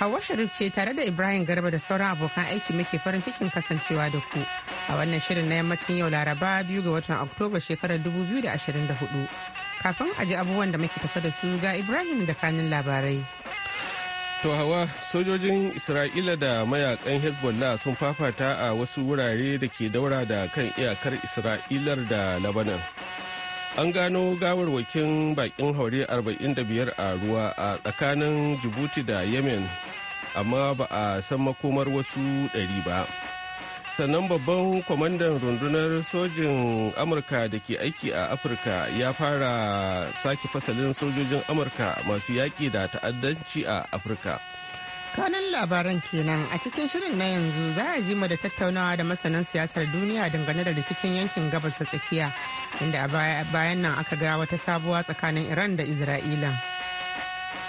hauwa Sharif ce tare da Ibrahim Garba da sauran abokan aiki muke farin cikin kasancewa da ku a wannan shirin na yammacin yau Laraba biyu ga watan Oktoba shekarar 2024. Kafin a ji abubuwan da muke tafa da su ga Ibrahim da kanin labarai. To hawa sojojin Isra'ila da mayakan Hezbollah sun fafata a wasu wurare da ke daura da kan iyakar Isra'ilar da Labanan. an gano gawarwakin bakin haure 45 a ruwa a tsakanin jibuti da yemen amma ba a san makomar wasu ɗari ba sannan babban kwamandan rundunar sojin amurka da ke aiki a afirka ya fara sake fasalin sojojin amurka masu yaƙi da ta'addanci a afirka kanun labaran kenan a cikin shirin na yanzu za a ji da tattaunawa da masanan siyasar duniya dangane da rikicin yankin gabas ta tsakiya inda a bayan nan aka ga wata sabuwa tsakanin iran da isra'ila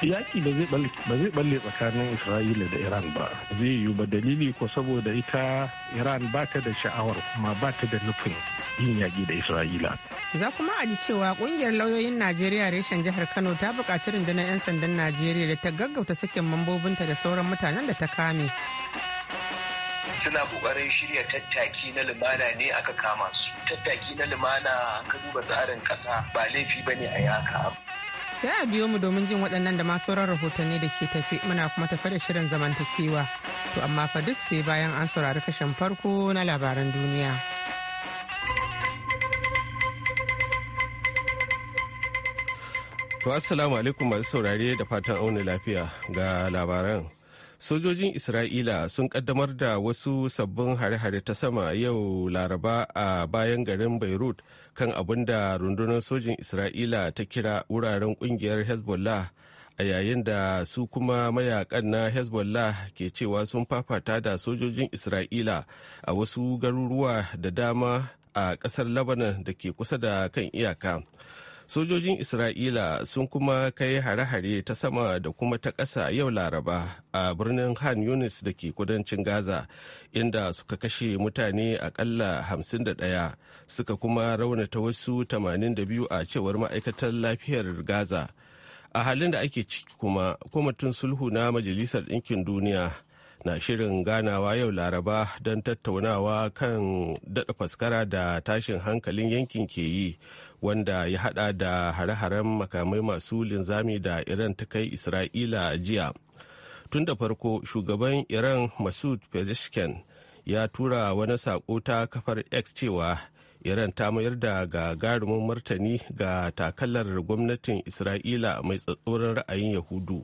yaƙi ba zai balle tsakanin isra'ila da iran ba zai yiwu ba dalili ko saboda ita iran ba ta da sha'awar kuma ba ta da nufin yin yaƙi da isra'ila za kuma a ji cewa ƙungiyar lauyoyin najeriya reshen jihar kano ta buƙaci rundunar 'yan sandan najeriya da ta gaggauta sakin mambobinta da sauran mutanen da ta kame suna kokarin shirya tattaki na lumana ne aka kama su tattaki na lumana ka duba tsarin kasa ba laifi bane a yaka sai a biyo mu domin jin waɗannan da masu sauran rahotanni da ke tafi muna kuma tafe da shirin zamantakewa to amma fa duk sai bayan an saurari kashin farko na labaran duniya to assalamu alaikum masu saurare da fatan auna lafiya ga labaran sojojin isra'ila sun kaddamar da wasu sabbin hare-hare ta sama yau laraba a bayan garin beirut kan abin da rundunar sojin isra'ila ta kira wuraren kungiyar hezbollah a yayin da su kuma mayakan na hezbollah ke cewa sun fafata da sojojin isra'ila a wasu garuruwa da dama a kasar lebanon da ke kusa da kan iyaka sojojin isra'ila sun kuma kai hare-hare ta sama da kuma ta ƙasa yau laraba a birnin han yunis da ke kudancin gaza inda suka kashe mutane akalla 51 suka kuma raunata wasu 82 a cewar ma'aikatar lafiyar gaza a halin da ake ciki kuma kwamitin sulhu na majalisar ɗinkin duniya na shirin ganawa yau laraba don tattaunawa kan daɗa faskara da tashin hankalin yankin ke yi wanda ya haɗa da hare-haren makamai masu linzami da iran ta kai isra'ila jiya tun da farko shugaban iran masud pezeshkian ya tura wani sako ta kafar x cewa iran ta mayar da gagarumin martani ga takalar gwamnatin isra'ila mai tsatsoron ra'ayin yahudu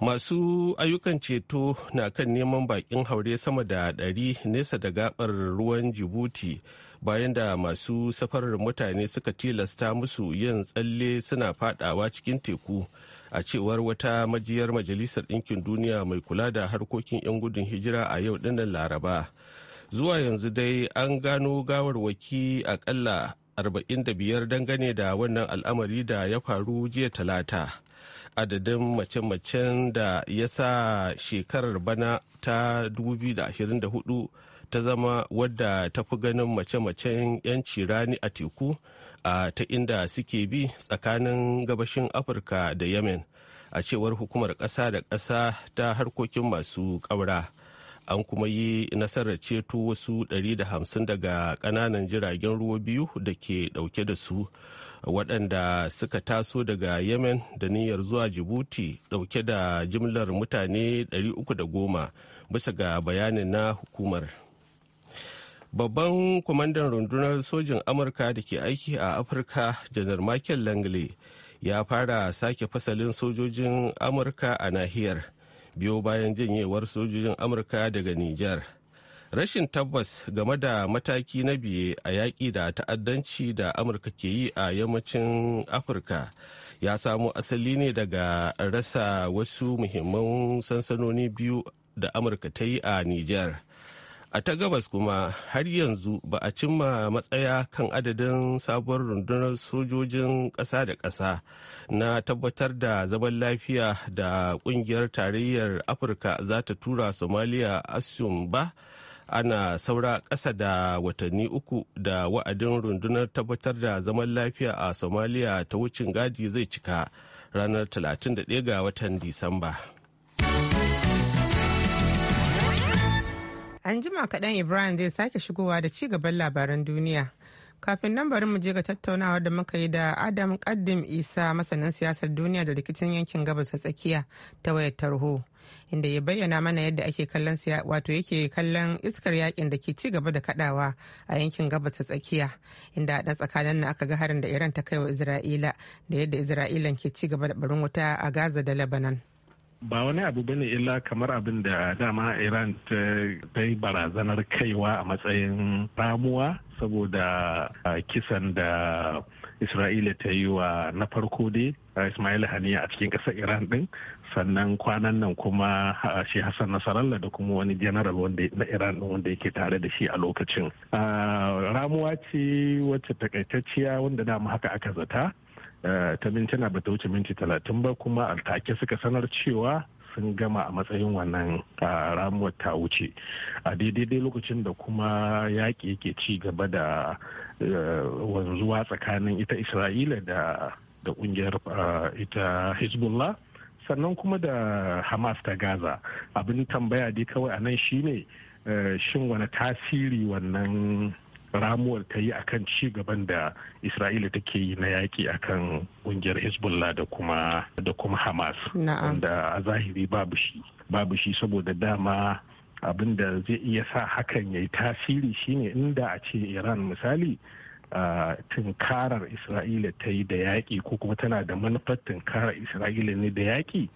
masu ayyukan ceto na kan neman bakin haure sama da ɗari nesa da gabar ruwan jibuti bayan da masu safarar mutane suka tilasta musu yin tsalle suna fadawa cikin teku a cewar wata majiyar majalisar ɗinkin duniya mai kula da harkokin 'yan gudun hijira a yau dinnan laraba zuwa yanzu dai an gano gawarwaki akalla 45 dangane da wannan al'amari da ya faru jiya talata adadin mace-macen da ya sa shekarar bana ta 2024 ta zama wadda ta fi ganin mace-macen 'yanci rani a teku a ta inda suke bi tsakanin gabashin afirka da yemen a cewar hukumar ƙasa da ƙasa ta harkokin masu ƙaura an kuma yi nasarar ceto wasu 150 daga ƙananan jiragen ruwa biyu da ke ɗauke da su waɗanda suka taso daga yemen da niyyar zuwa jibuti ɗauke da jimlar mutane 310 bisa ga bayanin na hukumar babban kwamandan rundunar sojin amurka da ke aiki a afirka janar michael langley ya fara sake fasalin sojojin amurka a nahiyar biyo bayan janyewar sojojin amurka daga nijar rashin tabbas game da mataki na biye a yaƙi da ta'addanci da amurka ke yi a yammacin afirka ya samo asali ne daga rasa wasu muhimman sansanoni biyu da amurka ta yi a niger a ta gabas kuma har yanzu ba a cimma matsaya kan adadin sabuwar rundunar sojojin ƙasa da ƙasa na tabbatar da zaman lafiya da ƙungiyar tarayyar afirka za ta tura somaliya asum ba ana saura ƙasa da watanni uku da wa'adin rundunar tabbatar da zaman lafiya a somaliya ta wucin gadi zai cika ranar 31 ga watan disamba an jima kaɗan ibrahim zai sake shigowa da ci gaban labaran duniya kafin nan bari mu je ga tattaunawa da muka yi da adam kaddim isa masanin siyasar duniya da rikicin yankin gabas ta tsakiya ta wayar tarho inda ya bayyana mana yadda ake kallon wato yake kallon iskar yakin da ke ci gaba da kadawa a yankin gabas ta tsakiya inda a tsakanin na aka ga harin da Iran ta kai wa Isra'ila da yadda Isra'ilan ke ci gaba da barin wuta a Gaza da Lebanon. ba wani abu bane illa kamar abin da dama iran ta yi barazanar kaiwa a matsayin ramuwa saboda kisan da isra'ila ta yi wa na farko dai ismail haniya a cikin ƙasar iran ɗin sannan kwanan nan kuma shi hassan nasarallah da kuma wani general wanda na iran wanda yake tare da shi a lokacin ramuwa ce wacce takaitacciya wanda dama haka aka zata ta mintuna ba ta wuce minti talatin ba kuma altake suka sanar cewa sun gama a matsayin wannan ramuwar ta wuce a daidai lokacin da kuma yaƙi yake ci gaba da e, wanzuwa tsakanin ita isra'ila da ƙungiyar kungiyar ita hezbollah sannan kuma da hamas ta gaza abin tambaya dai kawai anan shine e, shin wani tasiri wannan ramuwar ta yi akan ci gaban da isra'ila take yi na yaki akan kungiyar hezbollah da kuma da kuma hamas wanda a zahiri babu shi babu shi saboda dama abin da zai iya sa hakan ya yi tasiri shine inda a ce iran misali tunkarar isra'ila ta yi da yaƙi ko kuma tana da manufar tunkarar isra'ila ne da yaƙi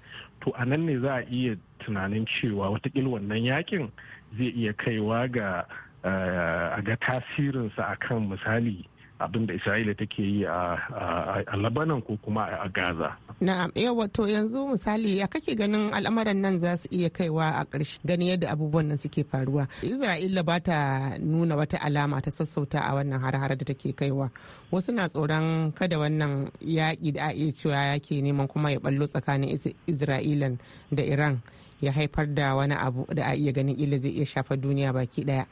to a nan ne za a iya tunanin cewa wata wannan yaƙin zai iya kaiwa ga Eh, a ga tasirinsa a kan misali abin isra'ila take yi a labanan ko kuma a gaza na'am yawa yanzu misali ya kake ganin al'amuran nan za su iya kaiwa a ƙarshe gani yadda abubuwan nan suke faruwa isra'ila ba ta nuna wata alama ta sassauta a wannan har-har da take kaiwa wasu na tsoron kada wannan yaƙi da a iya cewa yake neman kuma ya ballo tsakanin isra'ila da iran ya haifar da wani abu da a iya ganin ila zai iya shafa duniya baki ɗaya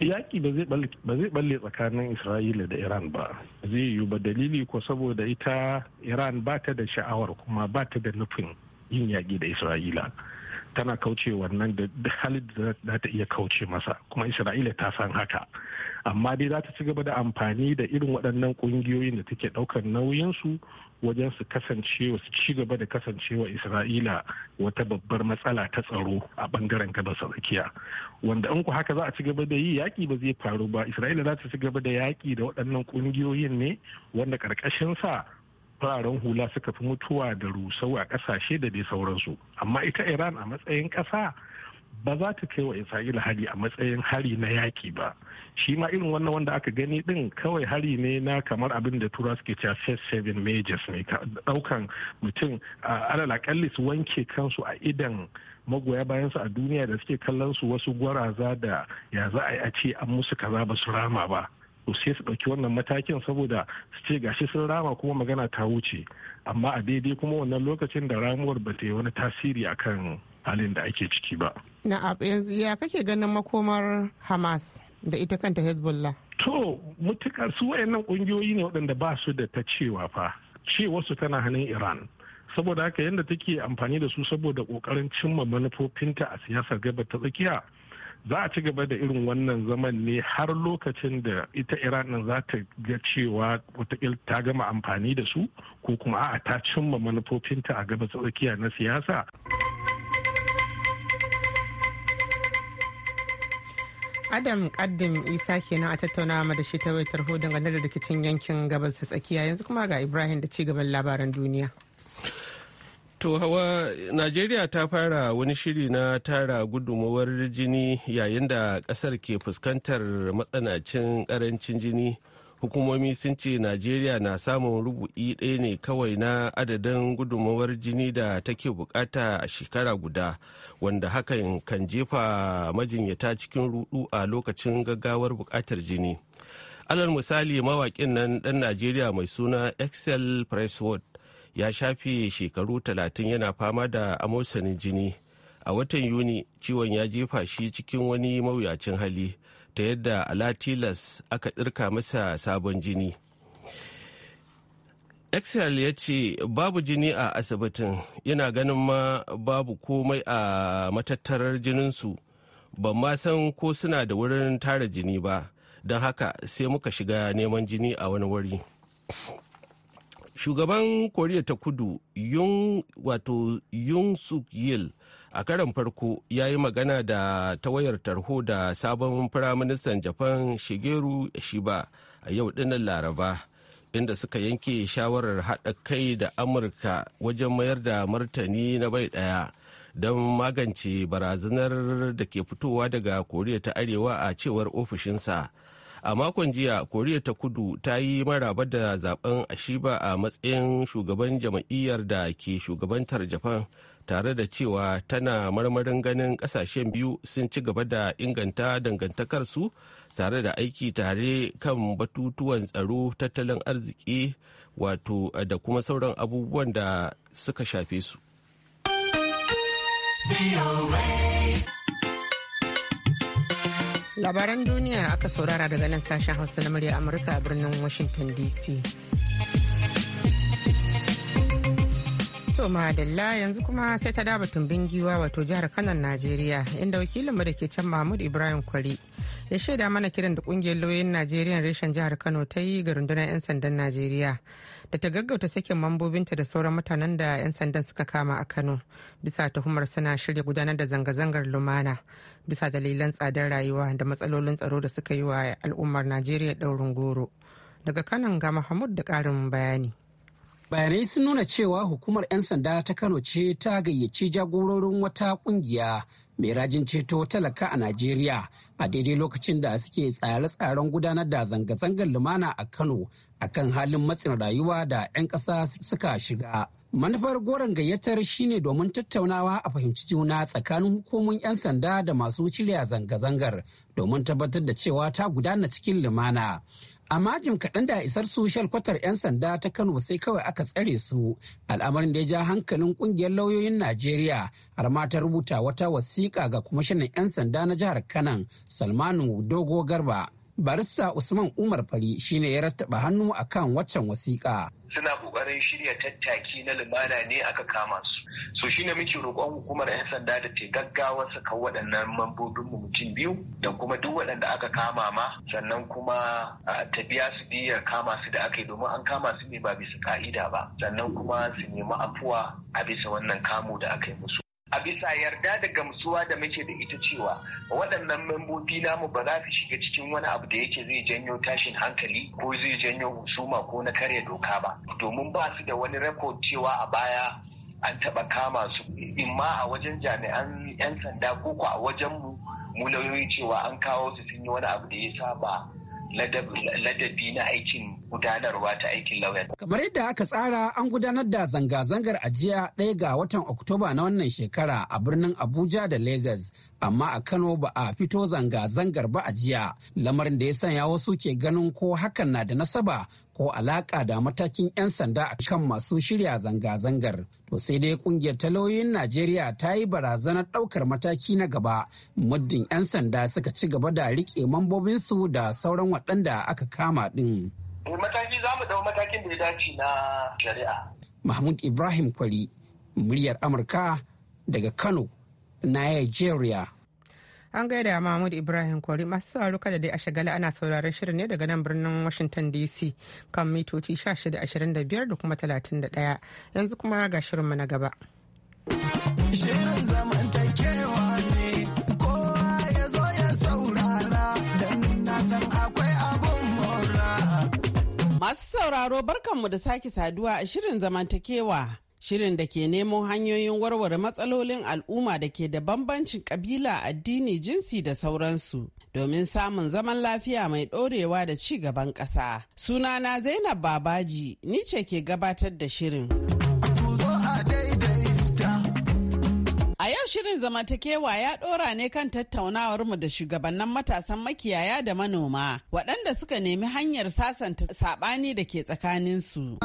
yaƙi ba zai balle tsakanin isra'ila da iran ba zai yiwu ba dalili ko saboda ita iran ba ta da sha'awar kuma ba ta da nufin yin yaƙi da isra'ila tana kauce wannan da halin za ta iya kauce masa kuma isra'ila ta san haka amma dai za ta ci gaba da amfani da irin waɗannan ƙungiyoyin da take ɗaukar nauyinsu wajen su kasancewa su ci gaba da kasancewa isra'ila wata babbar matsala ta tsaro a bangaren gabas tsakiya wanda in ku haka za a ci gaba da yi yaƙi ba zai faru ba isra'ila za ta ci gaba da yaƙi da waɗannan ƙungiyoyin ne wanda ƙarƙashinsa fararen hula suka fi mutuwa da rusau a ƙasashe da dai sauransu amma ita iran a matsayin ƙasa ba za ta kai wa isra'ila hari a matsayin hari na yaki ba shi ma irin wannan wanda aka gani din kawai hari ne na kamar abin da tura suke cewa first seven majors ne daukan mutum a su wanke kansu a idan magoya bayansu a duniya da suke kallon su wasu gwaraza da ya za a yi a ce an musu kaza ba su rama ba to sai su ɗauki wannan matakin saboda su ce gashi sun rama kuma magana ta wuce amma a daidai kuma wannan lokacin da ramuwar ba ta yi wani tasiri akan halin da ake ciki ba. Na'am yanzu ya kake ganin makomar Hamas da ita kanta Hezbollah? To, mutukar su wayannan kungiyoyi ne waɗanda ba su da ta cewa fa, ce wasu tana hannun Iran. Saboda haka yadda take amfani da su saboda ƙoƙarin cimma manufofinta a siyasar gabar ta tsakiya, za a ci gaba da irin wannan zaman ne har lokacin da ita iran nan za ta ga cewa watakil ta gama amfani da su ko kuma a'a ta cimma manufofinta a gaba tsakiya na siyasa adam kaddim isa kenan a tattaunawa da shi ta wayar tarho dangane da rikicin yankin gabas ta tsakiya yanzu kuma ga ibrahim da ci gaban labaran duniya To hawa Najeriya ta fara wani shiri na tara gudunmawar jini yayin da ƙasar ke fuskantar matsanancin karancin jini hukumomi sun ce najeriya na samun rubu'i ɗaya ne kawai na adadin gudunmawar jini da take bukata a shekara guda wanda hakan kan jefa majinyata cikin rudu a lokacin gaggawar bukatar jini alal misali mawakin nan ɗan najeriya mai suna excel presswood ya shafe shekaru talatin yana fama da amosanin jini a watan yuni ciwon ya jefa shi cikin wani mawuyacin hali ta yadda alatilas aka tsirka masa sabon jini excel ya ce babu jini a asibitin yana ganin ma babu komai a matattarar jininsu ban ma san ko suna da wurin tara jini ba don haka sai muka shiga neman jini a wani wuri shugaban koriya ta kudu yun wato yun suk yil a karon farko ya yi magana da ta wayar tarho da sabon firaministan japan shigeru shiba a yau dinnan laraba inda suka yanke shawarar haɗa kai da amurka wajen mayar da martani na bai ɗaya don magance barazanar da ke fitowa daga koriya ta arewa a cewar ofishinsa a makon jiya koriya ta kudu ta yi maraba da zaben ashiba a matsayin shugaban jam'iyyar da ke shugabantar japan tare da cewa tana marmarin ganin kasashen biyu sun ci gaba da inganta dangantakarsu tare da aiki tare kan batutuwan tsaro tattalin arziki wato da kuma sauran abubuwan da suka shafe su. Labaran duniya aka saurara daga nan sashen hausa na murya Amurka a birnin Washington DC. To madalla yanzu kuma sai ta daba tumbin giwa wato jihar Kanan Najeriya inda wakilinmu da ke can Mahmud Ibrahim Kwari ya shaida mana kiran da kungiyar lauyoyin Najeriya reshen jihar Kano ta yi ga rundunar 'yan sandan Najeriya da ta gaggauta sakin mambobinta da sauran mutanen da 'yan sandan suka kama a Kano bisa tuhumar suna shirya gudanar da zanga-zangar lumana bisa dalilan tsadar rayuwa da matsalolin tsaro da suka yi wa al'ummar Najeriya daurin goro. Daga Kanan ga Mahmud da ƙarin bayani. bayanai sun nuna cewa hukumar 'yan sanda ta kano ce ta gayyaci jagororin wata kungiya mai rajin ceto talaka a najeriya a daidai lokacin da suke tsare-tsaren gudanar da zanga-zangar lumana a kano akan halin matsin rayuwa da 'yan ƙasa suka shiga manufar goron gayyatar shine domin tattaunawa a fahimci juna tsakanin hukumomin 'yan sanda da masu shirya zanga-zangar domin tabbatar da cewa ta gudana cikin lumana A jim kaɗan da isar su kwatar 'yan sanda ta kano sai kawai aka tsare su al'amarin da ya ja hankalin ƙungiyar lauyoyin najeriya har ma ta rubuta wata wasiƙa ga kwamishinan 'yan sanda na jihar kanan salmanu dogo garba barista usman umar fari shine ya rattaba hannu akan waccan wasiƙa suna ƙoƙarin shirya tattaki na lumana ne aka kama su so shi ne muke roƙon hukumar 'yan sanda da ta gaggawa saka waɗannan mambobin mu mutum biyu da kuma duk waɗanda aka kama ma sannan kuma ta biya su biyar kama su da aka yi domin an kama su ne ba bisa ka'ida ba sannan kuma su nemi afuwa a bisa wannan kamo da aka yi musu a bisa yarda da gamsuwa da muke da ita cewa waɗannan membobi namu ba za su shiga cikin wani abu da yake zai janyo tashin hankali ko zai janyo husuma ko na karya doka ba domin ba su da wani rekod cewa a baya an taɓa kama su In ma a wajen jami'an 'yan sanda ko ko a wajen mu mu cewa an kawo su sun yi wani abu da ya saba ladabi na aikin gudanarwa ta aikin lauyan. Kamar yadda aka tsara an gudanar da zanga-zangar ajiya ɗaya ga watan Oktoba na wannan shekara a birnin Abuja da Legas, amma a Kano ba a fito zanga-zangar ba a jiya lamarin da ya sanya wasu ke ganin ko hakan na da nasaba ko alaka da matakin 'yan sanda a kan masu shirya zanga-zangar. To sai dai kungiyar talauyin Najeriya ta yi barazanar ɗaukar mataki na gaba muddin 'yan sanda suka ci gaba da riƙe mambobinsu da sauran waɗanda aka kama ɗin. Eh, mataki za mu dau matakin da ya dace na shari'a. Mahmud Ibrahim Kwari, muryar Amurka daga Kano, Nigeria. An gaida Mahmud Ibrahim Kwari masu sauraro kada dai a shagala ana sauraron shirin ne daga nan birnin Washington DC kan mitoci 1625 da kuma 31 yanzu kuma ga shirinmu na gaba. Shirin zama Masu sauraro barkanmu da sake saduwa a shirin zamantakewa. Shirin da ke nemo hanyoyin warware matsalolin al'umma da ke da bambancin kabila, addini, jinsi da sauransu domin samun zaman lafiya mai ɗorewa da ci gaban ƙasa. Sunana Zainab Babaji, ni ce ke gabatar da shirin. shirin zamantakewa ya ɗora ne kan tattaunawar mu da shugabannin matasan makiyaya da manoma waɗanda suka nemi hanyar sasanta saɓani da ke tsakaninsu.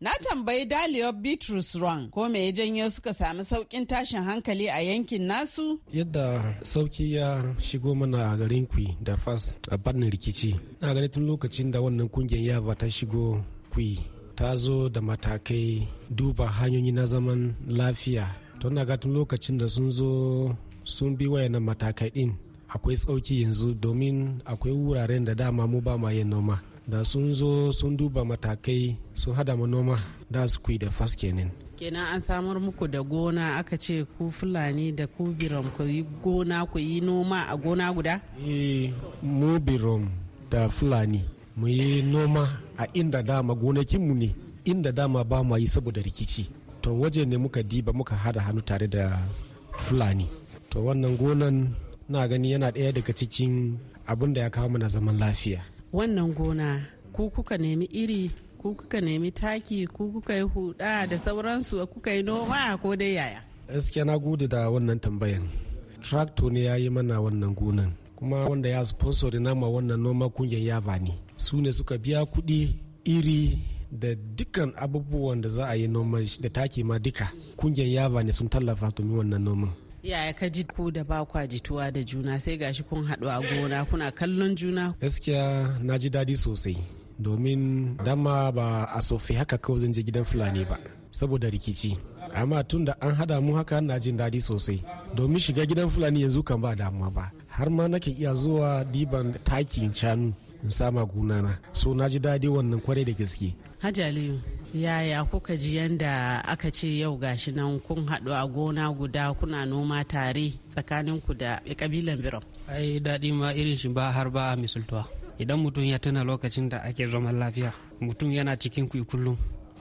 Na tambayi Dalio Bitrus Ron ko me ya janyo suka sami saukin tashin hankali a yankin nasu? Yadda sauki ya shigo mana a garin Kwi da Fas a rikici. Na gani tun lokacin da wannan kungiyar yaba ta shigo Kwi ta zo da matakai duba hanyoyi na zaman lafiya tun daga tun lokacin da sun zo sun bi wayannan matakai din akwai tsauki yanzu domin akwai wuraren da dama mu ba ma yin noma da sun zo sun duba matakai sun hada mu noma da su kui da fas kenan kenan an samar muku da gona aka ce ku fulani da ku birom ku yi gona ku yi noma a gona guda? eh mu birom da fulani mu yi noma a inda dama gonakinmu ne inda dama ba mu yi saboda rikici to waje ne muka diba muka hada hannu tare da fulani to wannan gonan na gani yana ɗaya daga cikin abin da ya kawo mana zaman lafiya wannan gona ku kuka nemi iri ku kuka nemi taki ku kuka yi huda da sauransu kuka yi noma ko dai yaya gaskiya na gode da wannan tambayan tractor ne ya yi mana wannan gonan kuma wanda ya sponsor nama wannan noma kungiyar yaba ne su ne suka biya kuɗi iri da dukkan abubuwan da za a yi noman da take ma duka kungiyar yaba ne sun tallafa domin wannan noman yaya ka ji ku da ba kwa jituwa da juna sai gashi kun haɗu a gona kuna kallon juna gaskiya na ji daɗi sosai domin dama ba a sofi haka kawai zan je gidan fulani ba saboda rikici amma tun da an hada mu haka na jin daɗi sosai domin shiga gidan fulani yanzu kan ba damuwa ba har ma nake iya zuwa diban takin shanu in sama gunana so na ji daɗi wannan kwarai da gaske hajjaliyu yaya kuka ji yadda aka ce yau gashi nan kun haɗu a gona guda kuna noma tare tsakanin ku da kabilan birom ai daɗi ma irin shi ba har ba misultuwa idan mutum ya tuna lokacin da ake zaman lafiya mutum yana cikin kuikullum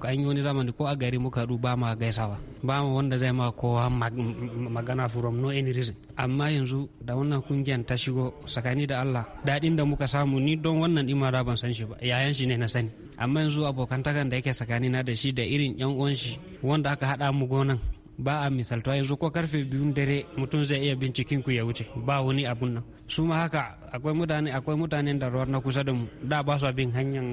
an yi wani zamani ko a gari muka du ba ma gaisawa ba ma wanda zai ma kowa magana from no any reason amma yanzu da wannan kungiyar ta shigo tsakani da Allah daɗin da muka samu ni don wannan imara ban san shi ba yayan shi ne na sani amma yanzu abokantakan da yake tsakani na da shi da irin yan uwan shi wanda aka haɗa mu gonan ba a misaltuwa yanzu ko karfe biyun dare mutum zai iya bincikin ku ya wuce ba wani abun nan su ma haka akwai mutane akwai mutanen da ruwar na kusa da mu da ba su bin hanyar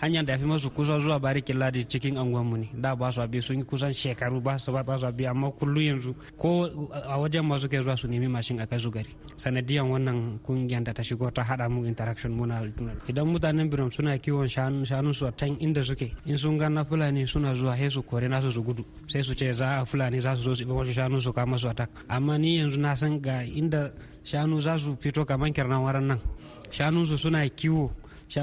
hanyar da fi masu kusa zuwa barikin ladi cikin anguwan mu ne da ba su bi sun kusan shekaru ba su ba su bi amma kullu yanzu ko a wajen ma suke zuwa su nemi mashin akai su gari sanadiyan wannan kungiyar da ta shigo ta hada mu interaction muna idan mutanen birnin suna kiwon shanu su a inda suke in sun ga na fulani suna zuwa sai su kore nasu su gudu sai su ce za a fulani za su zo su shanu su kama su attack amma ni yanzu na san ga inda shanu za su fito kamar kirnan waran nan su suna kiwo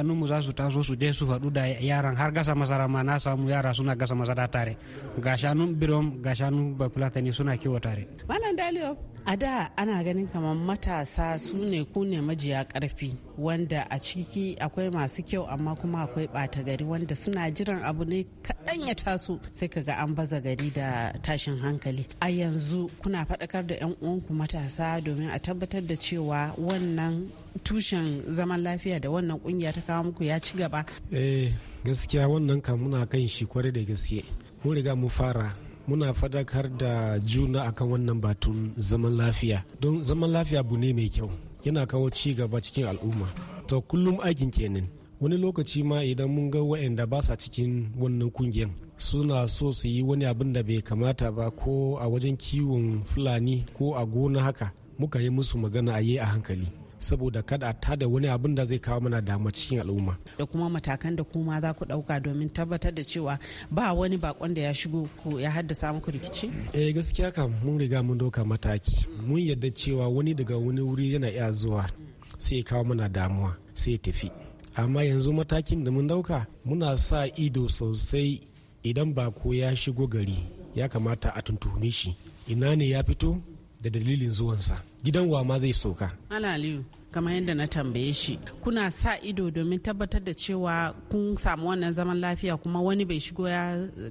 mu za su taso su je su haɗu da yaran har gasa masara ma na samu yara suna gasa masara tare ga shanu birom ga shanun bafulatani suna kiwo tare malam dalio a da ana ganin kamar matasa su ne ku ne majiya karfi wanda a ciki akwai masu kyau amma kuma akwai ɓata gari wanda suna jiran abu ne kaɗan ya taso sai ka ga an baza gari da tashin hankali a yanzu kuna faɗakar da 'yan uwanku matasa domin a tabbatar da cewa wannan tushen zaman lafiya da wannan kungiya ta kawo muku ya ci gaba eh gaskiya wannan kan muna kan shi kwarai da gaske mun riga mu fara muna fadakar da juna akan wannan batun zaman lafiya don zaman lafiya abu ne mai kyau yana kawo ci gaba cikin al'umma to kullum aikin kenan wani lokaci ma idan mun ga wa'anda ba sa cikin wannan kungiyar suna so su yi wani abin da bai kamata ba ko a wajen kiwon fulani ko a gona haka muka yi musu magana a yi a hankali saboda kada ta da wani abin da zai kawo mana damuwa cikin al'umma da kuma matakan da kuma za ku dauka domin tabbatar da cewa ba wani bakon da ya shigo ko ya haddasa muku rikici eh gaskiya kam mun riga mun dauka mataki mun yadda cewa wani daga wani wuri yana iya zuwa sai ya kawo mana damuwa sai ya tafi amma yanzu matakin da mun dauka muna sa ido sosai idan bako ya shigo gari ya kamata a tuntuhume shi ina ne ya fito da dalilin zuwansa gidan wa ma zai soka alaliyu kamar yadda na tambaye shi kuna sa ido domin tabbatar da cewa kun samu wannan zaman lafiya kuma wani bai shigo ya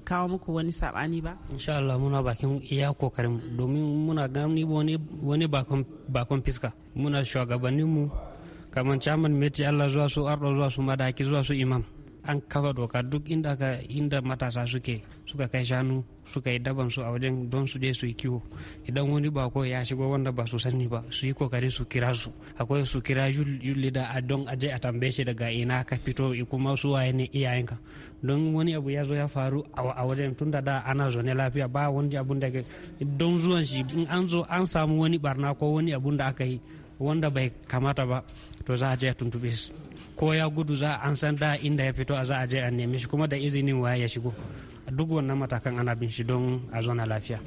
kawo muku wani sabani ba insha Allah muna bakin iya kokarin domin muna gani wani bakon fiska muna shugabanninmu kamar chairman meti Allah zuwa su arɗo zuwa su madaki zuwa su imam an kafa doka duk inda ka inda matasa suke suka kai shanu suka yi daban su a wajen don su je su yi kiwo idan wani bako ya shigo wanda ba su sani ba su yi kokari su kira su akwai su kira yuli da a don aje a tambaye shi daga ina ka fito kuma su waye ne iyayenka don wani abu ya zo ya faru a wajen tun da da ana zaune lafiya ba wani abun da don zuwan shi in an zo an samu wani barna ko wani abun da aka yi wanda bai kamata ba to za a je a tuntube shi ko ya gudu za an san da inda ya fito a za a je a nemi shi kuma da izinin waya ya shigo duk wannan matakan ana bin shi don a zauna lafiya.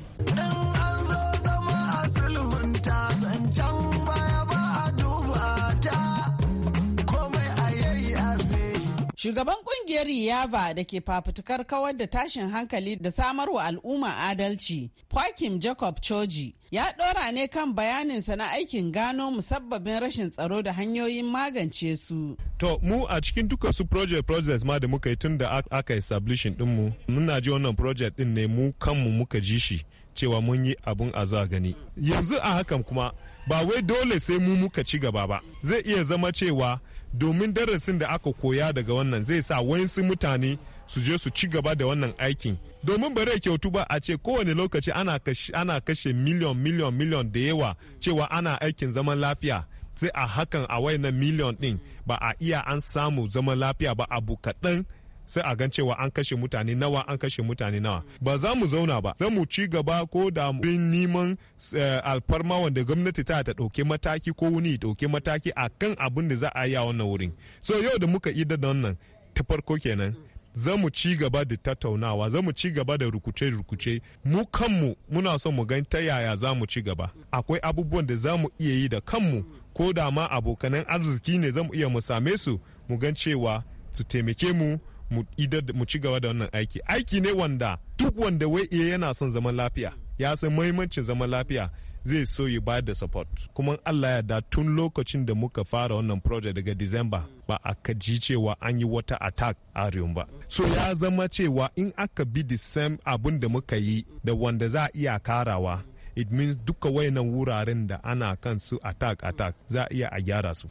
Shugaban kungiyar Yaba da ke fafutukar kawar da tashin hankali da samarwa al'umma adalci, Joaquim Jacob Choji, ya ɗora ne kan bayaninsa na aikin gano musabbabin rashin tsaro da hanyoyin magance su. To, mu a cikin duka su project process ma da muka yi tun da aka establishin ɗinmu, muna ji wannan project din ne mu kanmu muka ji shi cewa mun yi abun a za gani. Yanzu a hakan kuma ba wai dole sai mu muka ci gaba ba zai iya zama cewa domin darasin da aka koya daga wannan zai sa wayansu mutane su je su ci gaba da wannan aikin domin bare kyautu ba a ce kowane lokaci ana kashe miliyon miliyon miliyon da yawa cewa ana aikin zaman lafiya sai a hakan a wayannan miliyon din ba a iya an samu zaman lafiya ba abu kaɗan sai a gan cewa an kashe mutane nawa an kashe mutane nawa ba za mu zauna ba za mu ci gaba ko da bin neman eh, alfarma wanda gwamnati ta ta ɗauke mataki ko wuni ɗauke mataki a kan abin da za a yi a wannan wurin so yau da muka idar da wannan ta farko kenan za mu ci gaba da tattaunawa za mu ci gaba da rukuce-rukuce mu kanmu muna son mu gan ta yaya za mu ci gaba akwai abubuwan da za mu iya yi da kanmu ko da ma abokanan arziki ne za mu iya mu same su mu gan cewa su taimake mu mu ci gaba da wannan aiki aiki ne wanda duk wanda wai iya eh yana son zaman lafiya ya san mahimmancin zaman lafiya zai so ya ba da support kuma allah ya da tun lokacin da muka fara wannan project daga december ba a kaji cewa an yi wata attack a ba so ya zama cewa in aka bi the same abin da muka yi da wanda za a iya karawa it means duka wayannan wuraren da ana kan su attack attack za a iya a gyara su.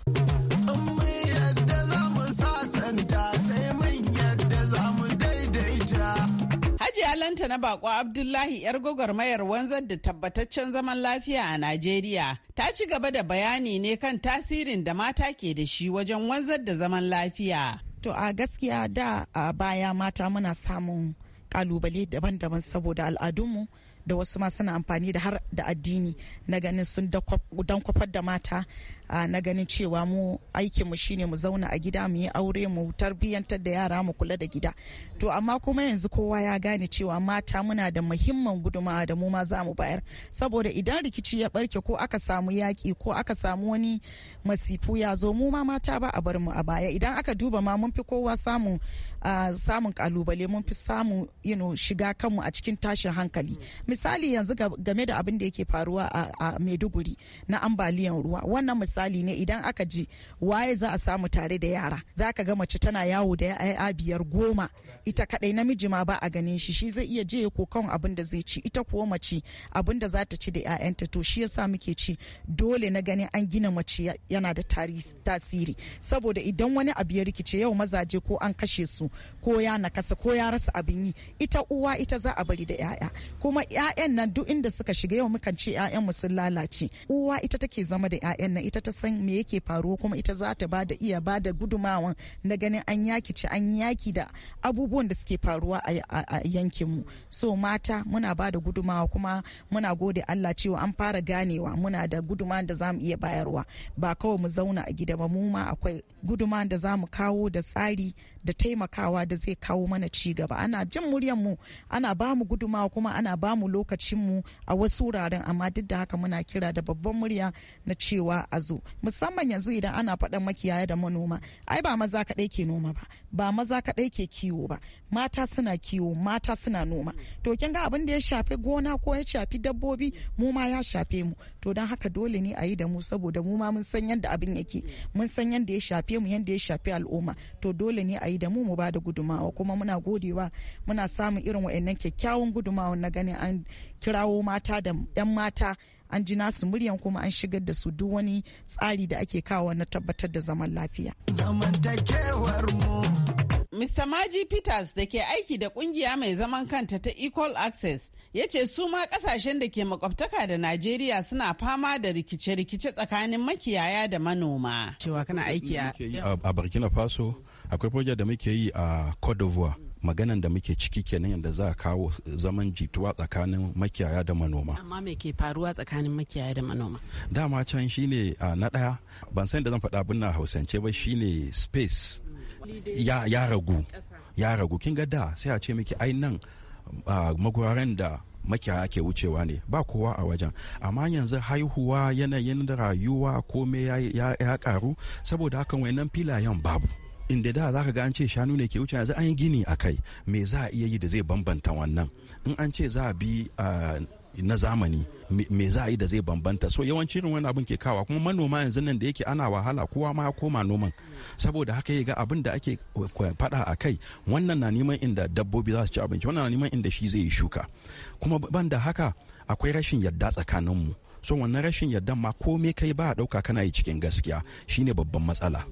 Hajiya Lanta na bako Abdullahi 'yar gwagwarmayar wanzar da tabbataccen zaman lafiya a Najeriya ta ci gaba da bayani ne kan tasirin da mata ke da shi wajen wanzar da zaman lafiya. To a gaskiya da a baya mata muna samun kalubale daban-daban saboda al'adunmu da wasu ma suna amfani da har da addini na ganin sun dan kwafar da mata na ganin cewa mu aikin mu shine mu zauna a gida mu yi aure mu tarbiyyantar da yara mu kula da gida to amma kuma yanzu kowa ya gane cewa mata muna da muhimman gudumawa da mu ma za mu bayar saboda idan rikici ya barke ko aka samu yaƙi ko aka samu wani masifu ya zo mu ma mata ba a bar mu a baya idan aka duba ma mun fi kowa samun samun kalubale mun fi samun you know, shiga kanmu a cikin tashin hankali misali yanzu game da abin da yake faruwa a Maiduguri na ambaliyan ruwa wannan misali ne idan aka ji waye za a samu tare da yara za ka ga mace tana yawo da ya'ya biyar goma ita kadai namiji ma ba a ganin shi shi zai iya je ya kokon abin da zai ci ita kuwa mace abin da za ta ci da 'ya'yanta to shi yasa muke ci dole na ganin an gina mace yana da tasiri saboda idan wani abu ya rikice yau mazaje ko an kashe su ko ya nakasa ko ya rasa abin yi ita uwa ita za a bari da 'ya'ya kuma 'ya'yan nan duk inda suka shiga yau mukan ce 'ya'yan mu sun lalace uwa ita take zama da 'ya'yan nan ita ta san me yake faruwa kuma ita za ta bada iya bada gudumawan na ganin an yaki ci an yaki da abubuwan da suke faruwa a mu so mata muna bada gudumawa kuma muna gode Allah cewa an fara ganewa muna da guduma da zamu iya bayarwa ba kawai mu zauna a gida ba mu ma akwai guduma da zamu kawo da tsari da taimakawa da zai kawo mana ci gaba ana jin muryan mu ana ba mu gudumawa kuma ana ba mu lokacin mu a wasu wuraren amma duk da haka muna kira da babban murya na cewa a zo yanzu musamman yanzu idan ana faɗan makiyaya da manoma ai ba maza kaɗai ke noma ba ba maza kaɗai ke kiwo ba mata suna kiwo mata suna noma to kin ga abin da ya shafi gona ko ya shafi dabbobi mu ma ya shafe mu to don haka dole ne a yi da mu saboda mu ma mun san yadda abin yake mun san yadda ya shafe mu yadda ya shafi al'umma to dole ne a yi da mu mu ba da gudumawa kuma muna godewa muna samun irin wa'annan kyakkyawan gudumawa na ganin an kirawo mata da 'yan mata an ji nasu muryan kuma an shigar da su duk wani tsari da ake kawo na tabbatar da zaman lafiya. Mr. Maji Peters da ke aiki da kungiya mai zaman kanta ta Equal Access ya ce su ma kasashen da ke makwabtaka da Najeriya suna fama da rikice-rikice tsakanin makiyaya da manoma. Cewa kana aiki a Burkina Faso akwai project da muke yi a Cote d'Ivoire. maganan da muke ciki kenan yadda za a kawo zaman jituwa tsakanin makiyaya da manoma amma me ke faruwa tsakanin makiyaya da manoma dama can shine uh, na ɗaya. ban san da zan faɗa abin na hausance ba shine space ya, ya ragu ya ragu kin ga da sai a ce miki ai nan uh, da makiyaya ke wucewa ne ba kowa a wajen amma yanzu haihuwa yanayin rayuwa komai ya, ya, ya karu saboda hakan wayannan filayen babu inda da za ka ga an ce shanu ne ke wuce yanzu an yi gini a kai me za a iya yi da zai bambanta wannan in an ce za a bi na zamani me za a yi da zai bambanta so yawanci irin wani abin ke kawa kuma manoma yanzu nan da yake ana wahala kowa ma ya koma noman saboda haka ya ga abin da ake faɗa a kai wannan na neman inda dabbobi za su ci abinci wannan na neman inda shi zai yi shuka kuma ban da haka akwai rashin yadda tsakaninmu so wannan rashin yadda ma komai kai ba a ɗauka kana yi cikin gaskiya shine babban matsala.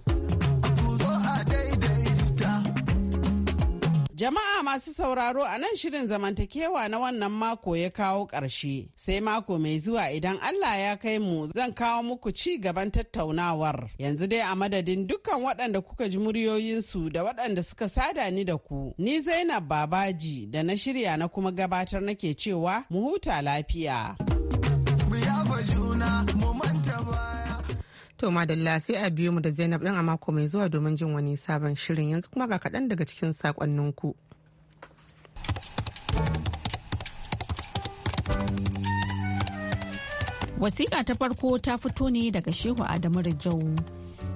Jama'a masu sauraro a nan shirin zamantakewa na wannan mako ya kawo ƙarshe. Sai mako mai zuwa idan Allah ya kai mu zan kawo muku ci gaban tattaunawar. Yanzu dai a madadin dukkan waɗanda kuka ji muryoyinsu da waɗanda suka sada ni da ku. Ni Zainab Babaji da na shirya na kuma gabatar nake cewa mu huta lafiya. Mu To madalla sai a biyo mu da Zainab ɗan a mako mai zuwa domin jin wani sabon shirin yanzu kuma ga kaɗan daga cikin ku Wasiƙa ta farko ta fito ne daga Shehu Adamu Rijau.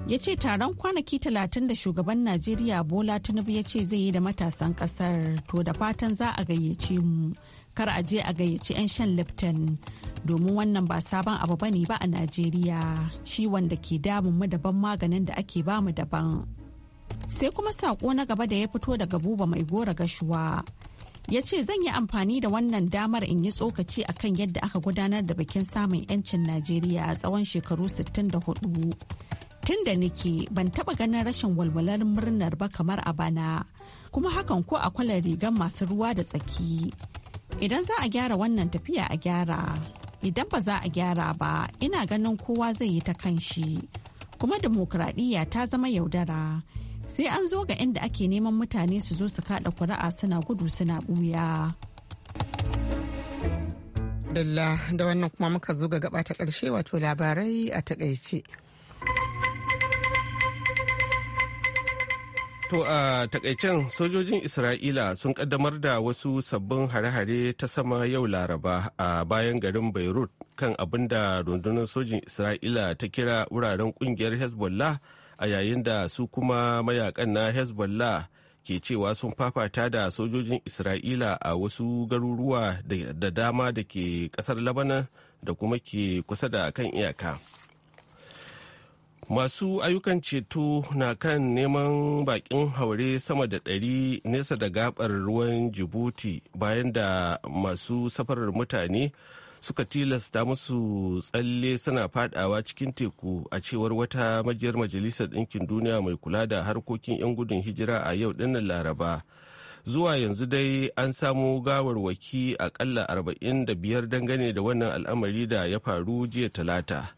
Ya ce taron kwanaki talatin da shugaban Najeriya Bola Tinubu ya ce zai yi da matasan ƙasar to da fatan za a gayyace mu kar a je a gayyaci 'yan shan lipton domin wannan ba sabon abu bane ba a najeriya ciwon da ke damun mu daban maganin da ake bamu daban sai kuma sako na gaba da ya fito daga buba mai gora gashuwa ya ce zan yi amfani da wannan damar in yi tsokaci a kan yadda aka gudanar da bikin samun 'yancin najeriya a tsawon shekaru 64 tun da nike ban taba ganin rashin walwalar murnar ba kamar a bana kuma hakan ko a kwalar rigar masu ruwa da tsaki Idan za a gyara wannan tafiya a gyara, idan ba za a gyara ba ina ganin kowa zai yi ta kanshi. Kuma dimokuraɗiyya ta zama yaudara. Sai an zo ga inda ake neman mutane su zo su kada kuri'a suna gudu suna ɓuya. da wannan kuma muka zo ga gaba ta ƙarshe wato labarai a taƙaice. To a takaicen sojojin Isra'ila sun kaddamar da wasu sabbin hare-hare ta sama yau Laraba a bayan garin Beirut kan abin da rundunar sojin Isra'ila ta kira wuraren kungiyar Hezbollah a yayin da su kuma mayakan na Hezbollah ke cewa sun fafata da sojojin Isra'ila a wasu garuruwa da dama da ke kasar Lebanon da kuma ke kusa da kan iyaka. masu ayyukan ceto na kan neman bakin haure sama da ɗari nesa da gabar ruwan jibuti bayan da masu safarar mutane suka tilasta musu tsalle suna fadawa cikin teku a cewar wata majiyar majalisar ɗinkin duniya mai kula da harkokin 'yan gudun hijira a yau dinnan laraba zuwa yanzu dai an samu gawarwaki akalla 45 dangane da wannan al'amari da ya faru jiya talata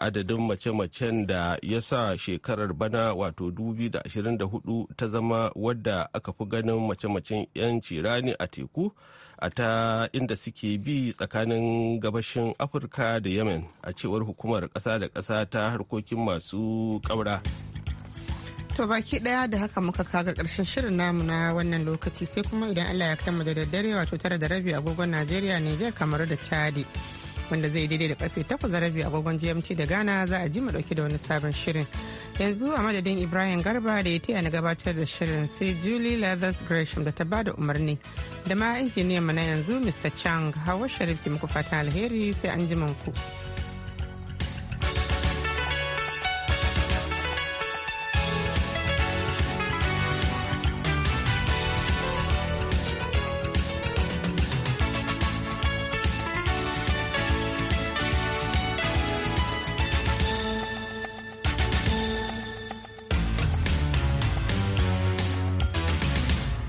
adadin mace-macen da ya sa shekarar bana wato 2024 ta zama wadda aka fi ganin mace-macen 'yanci rani a teku a ta inda suke bi tsakanin gabashin afirka da yemen a cewar hukumar kasa da kasa ta harkokin masu ƙaura. To baki daya da haka muka kaga karshen shirin namu na wannan lokaci sai kuma idan Allah ya kai da daddare wato tara da rabi agogon Najeriya Niger kamar da Chadi wanda zai daidai da karfe 8 rabi agogon gmt da ghana za a ji mu dauke da wani sabon shirin yanzu a madadin ibrahim garba da ya taya na gabatar da shirin sai julie leathers gresham da ta ba da umarni da ma injiniyan mu na yanzu mr chang hawa sharif ke muku fata alheri sai an ji ku.